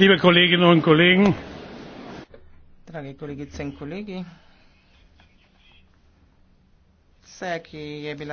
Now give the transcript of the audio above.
liebe Kolleginnen und Kollegen, Dragi kolegice in kolegi, vse, ki je bila